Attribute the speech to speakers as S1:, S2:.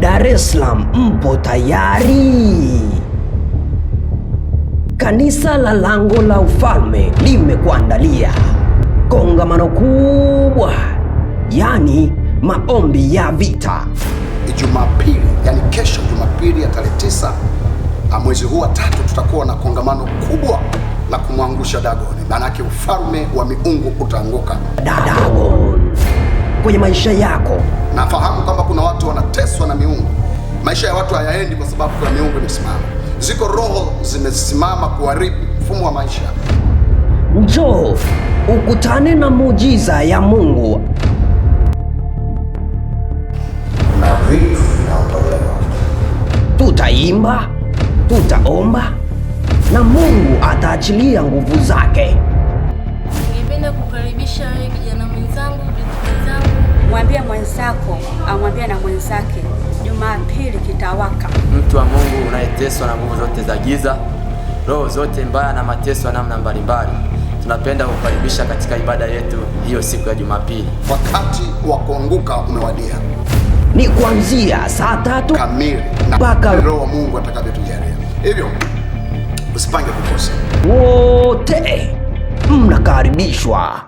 S1: Dar es Salaam mpo tayari? Kanisa la Lango la Ufalme limekuandalia kongamano kubwa, yani maombi ya vita
S2: Jumapili, yani kesho Jumapili ya tarehe tisa mwezi huu wa tatu, tutakuwa na kongamano kubwa la kumwangusha dagon maanake ufalme wa miungu utaanguka
S1: Dagon kwenye maisha yako.
S2: Nafahamu Maisha ya watu hayaendi kwa sababu kuna miungu imesimama. Ziko roho zimesimama kuharibu mfumo wa maisha.
S1: Njoo ukutane na muujiza ya Mungu.
S2: Na vitu vinaondolewa,
S1: tutaimba, tutaomba na Mungu ataachilia nguvu zake.
S3: Ningependa kukaribisha wewe kijana mwenzangu, binti
S4: mwambie mwenzako amwambie na mwenzake Jumapili utawaka.
S5: Mtu wa Mungu unayeteswa na nguvu zote za giza, roho zote mbaya na mateso ya namna mbalimbali, tunapenda kukaribisha katika ibada yetu hiyo siku ya Jumapili.
S2: Wakati wa kuanguka umewadia,
S1: ni kuanzia saa tatu
S2: kamili mpaka roho Mungu atakavyotujalia. Hivyo usipange kukosa,
S1: wote mnakaribishwa.